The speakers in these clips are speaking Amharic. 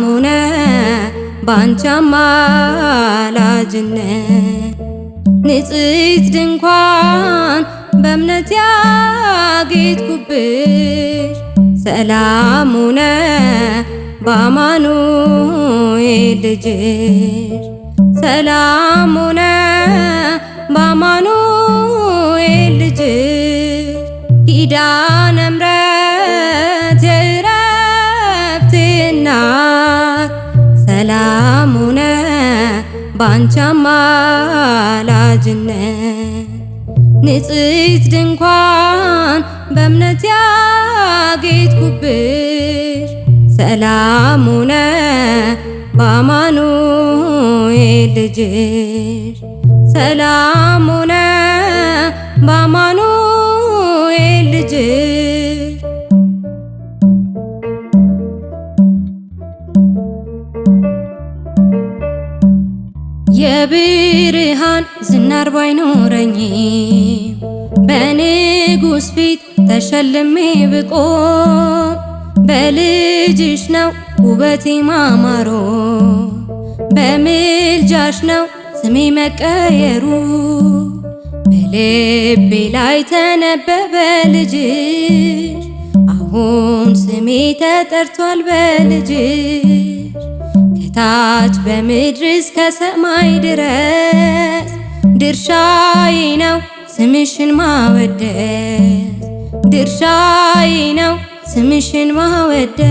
ሆነ ባንቺ አማላጅነት ንጽሕት ድንኳን በእምነት ያጌጥኩብሽ ሰላሙነ በአማኑኤል ልጅሽ ሰላሙነ በአማኑ ባንቺ አማላጅነት ንጽሕት ድንኳን በእምነት ያጌጥኩብሽ ሰላም ሆነ በአማኑኤል ልጅሽ ሰላም ሆነ በአማኑኤል ልጅሽ የብርሃን ዝናር ባይኖረኝ ጉስ ፊት ተሸልሜ ብቆ በልጅሽ ነው ውበቴ ማማሮ በምልጃሽ ነው ስሜ መቀየሩ በልቤ ላይ ተነበበ ልጅሽ አሁን ስሜ ተጠርቷል በልጅሽ ከታች በምድር እስከ ሰማይ ድረስ ድርሻዬ ነው ስምሽን ማወደስ ድርሻዬ ነው ስምሽን ማወደስ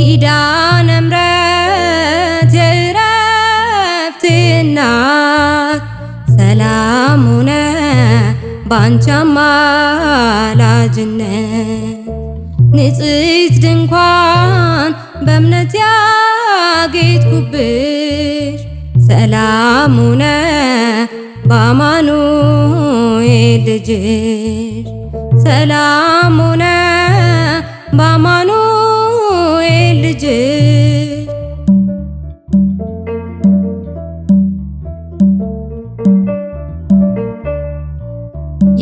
ኪዳነ ምሕረት የእረፍቴ እናት ሰላም ሆነ ባንቺ አማላጅነት ንጽሕት ድንኳን በእምነት ያ አጌጥኩብሽ ሰላም ሆነ በአማኑኤል ልጅሽ ሰላም ሆነ በአማኑኤል ልጅሽ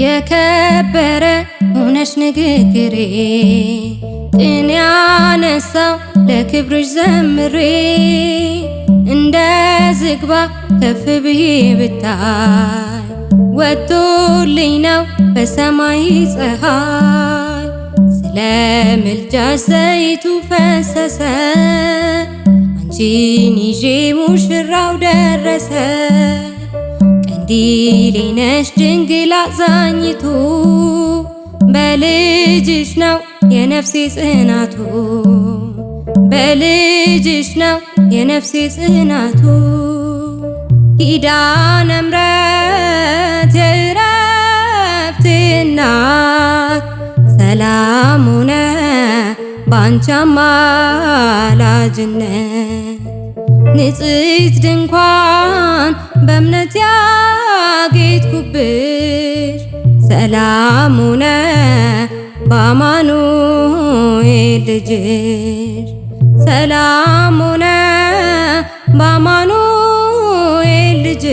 የከበረ ሆነሽ ንግግሬ ውድን ያነሳው ለክብርሽ ዘምሬ እንደ ዝግባ ከፍ ብዬ ብታይ ወቶልኝ ነው በሰማይ ፀሐይ ስለ ምልጃ ዘይቱ ፈሰሰ አንቺን ይዤ ሙሽራው ደረሰ ቀንዲሌ ነሽ ድንግል አዛኝቱ በልጅሽ ነው የነፍሴ ጽናቱ በልጅሽ ነው የነፍሴ ጽናቱ ኪዳነ ምሕረት የእረፍቴ እናት ሰላም ሆነ ባንቺ አማላጅነት ንጽሕት ድንኳን በእምነት ያጌጥኩብሽ ሰላሙነ በአማኑኤል ልጅሽ ሰላሙነ በአማኑኤል ልጅ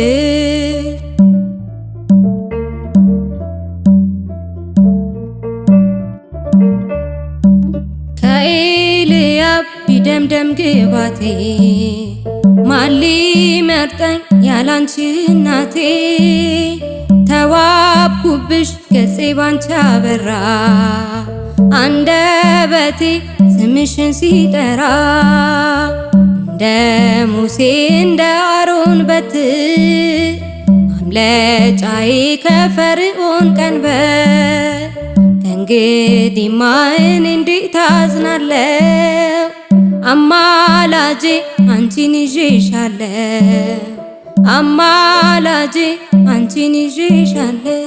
ከኤልያብ ቢደምደም ግባቴ ማሊ መርጠኝ ያላንቺ እናቴ ተዋብኩብሽ ገፄ ባንቺ አበራ አንደበቴ ስምሽን ሲጠራ እንደ ሙሴ እንደ አሮን በትር ማምለጫዬ ከፈርዖን ቀንበር ከእንግዲህማ እኔ እንዴት አዝናለሁ አማላጄ አንቺን ይዤሻለሁ አማላጄ አንቺን ይዤሻለሁ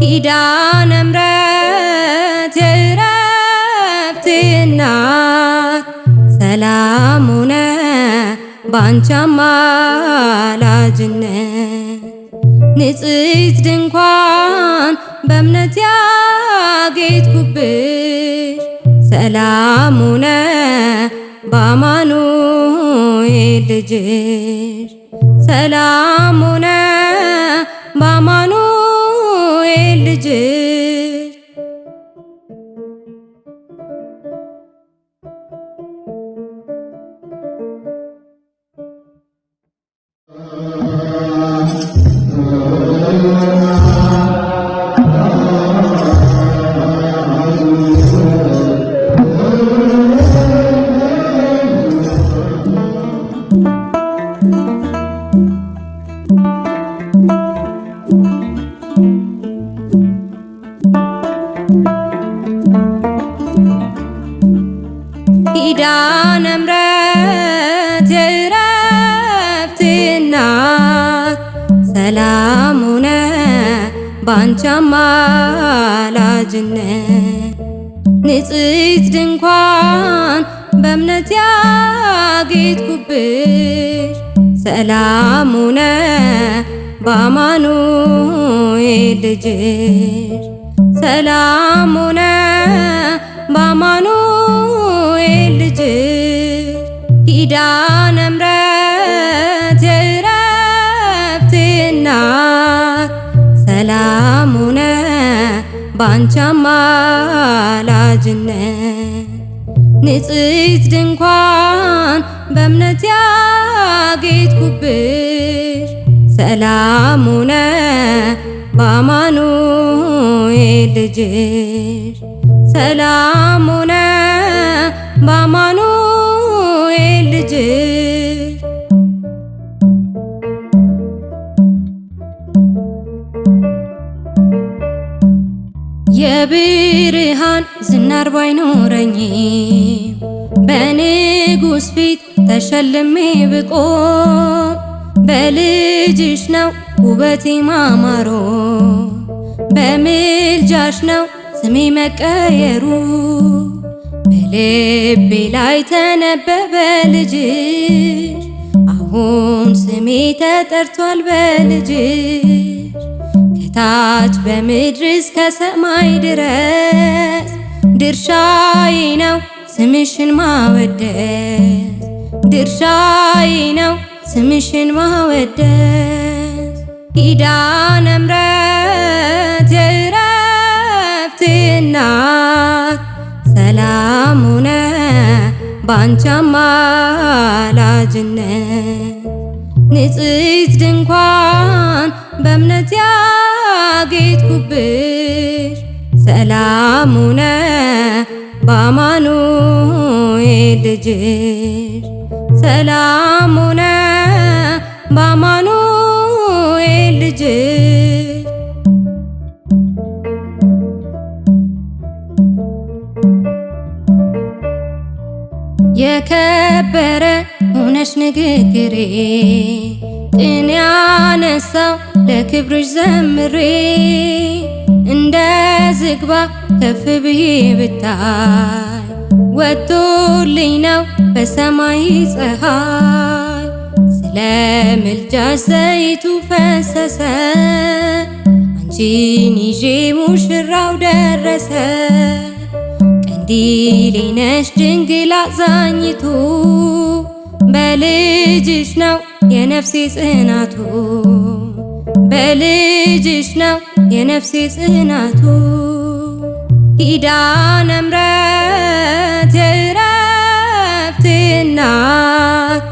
ኪዳነ ምሕረት የእረፍቴ እናት ሰላም ሆነ ባንቺ አማላጅነት ንጽሕት ድንኳን በእምነት ያጌጥኩብሽ ሰላም ሆነ በአማኑኤል ልጅሽ ሰላም ሆነ በአማኑኤል ልጅ ሰላም ሆነ ባንቺ አማላጅነት ንጽሕት ድንኳን በእምነት ያጌጥኩብሽ ሰላም ሆነ በአማኑኤል ልጅሽ ሰላም ሆነ ባንቺ አማላጅነት ንጽሕት ድንኳን በእምነት ያጌጥኩብሽ ሰላም ሆነ በአማኑኤል ልጅሽ ሰላም ሆነ በአማኑኤል ልጅሽ የብርሃን ዝናር ባይኖረኝ በንጉሥ ፊት ተሸልሜ ብቆም በልጅሽ ነው ውበቴ ማማሮ በምልጃሽ ነው ስሜ መቀየሩ በልቤ ላይ ተነበበ ልጅሽ አሁን ስሜ ተጠርቷል በልጅሽ ታች በምድር እስከ ሰማይ ድረስ ድርሻዬ ነው ስምሽን ማወደስ ድርሻዬ ነው ስምሽን ማወደስ ኪዳነ ምሕረት የእረፍቴ እናት ሰላም ሆነ ባንቺ አማላጅነት ንጽሕት ድንኳን በእምነት የለኩብሽ ሰላም ሆነ በአማኑኤል ልጅሽ ሰላም ሆነ በአማኑኤል ልጅሽ የከበረ ሆነሽ ንግግሬ ቅን ያነሳው ለክብርሽ ዘምሬ እንደ ዝግባ ከፍ ብዬ ብታይ ወቶልኝ ነው በሰማይ ፀሐይ ስለ ምልጃሽ ዘይቱ ፈሰሰ አንቺን ይዤ ሙሽራው ደረሰ ቀንዲሌ ነሽ ድንግል አዛኝቱ በልጅሽ ነው የነፍሴ ጽናቱ በልጅሽ ነው የነፍሴ ጽናቱ ኪዳነ ምሕረት የእረፍቴ እናት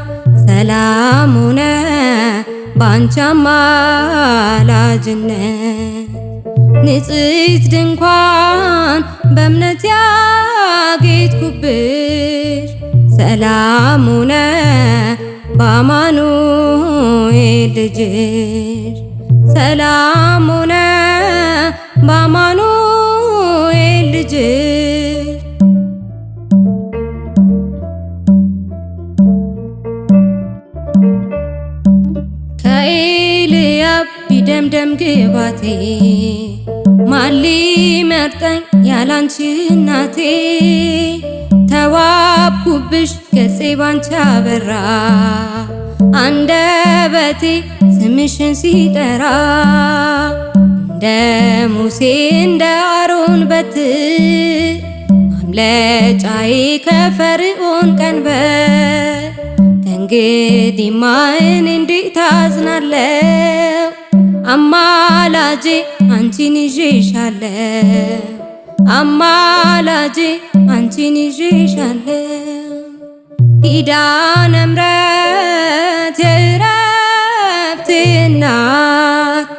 ሰላም ሆነ ባንቺ አማላጅነት ንጽሕት ድንኳን በእምነት ያጌጥኩብሽ ሰላም ሆነ በአማኑኤል ልጅሽ ሰላም ሆነ በአማኑኤል ልጅ ከኤልያብ ቢደምደም ግባቴ ማሊ መርጠኝ ያላንቺ እናቴ ተዋብኩብሽ ገጼ ባንቺ አበራ አንደበቴ ስምሽን ሲጠራ እንደ ሙሴ እንደ አሮን በትር አምለጫዬ ከፈርዖን ቀንበር ከእንግዲህማ እኔ እንዴት አዝናለሁ አማላጄ አንቺን ይዤሻለሁ አማላጄ አንቺን ይዤሻለሁ ኪዳነ እናት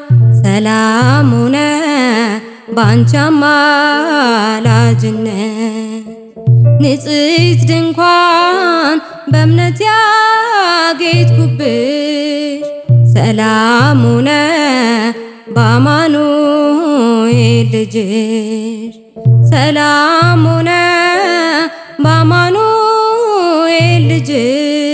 ሰላም ሆነ ባንቺ አማላጅነት ንጽሕት ድንኳን በእምነት ያጌጥኩብሽ ሰላም ሆነ በአማኑኤል ልጅሽ ሰላም ሆነ በአማኑኤል ልጅሽ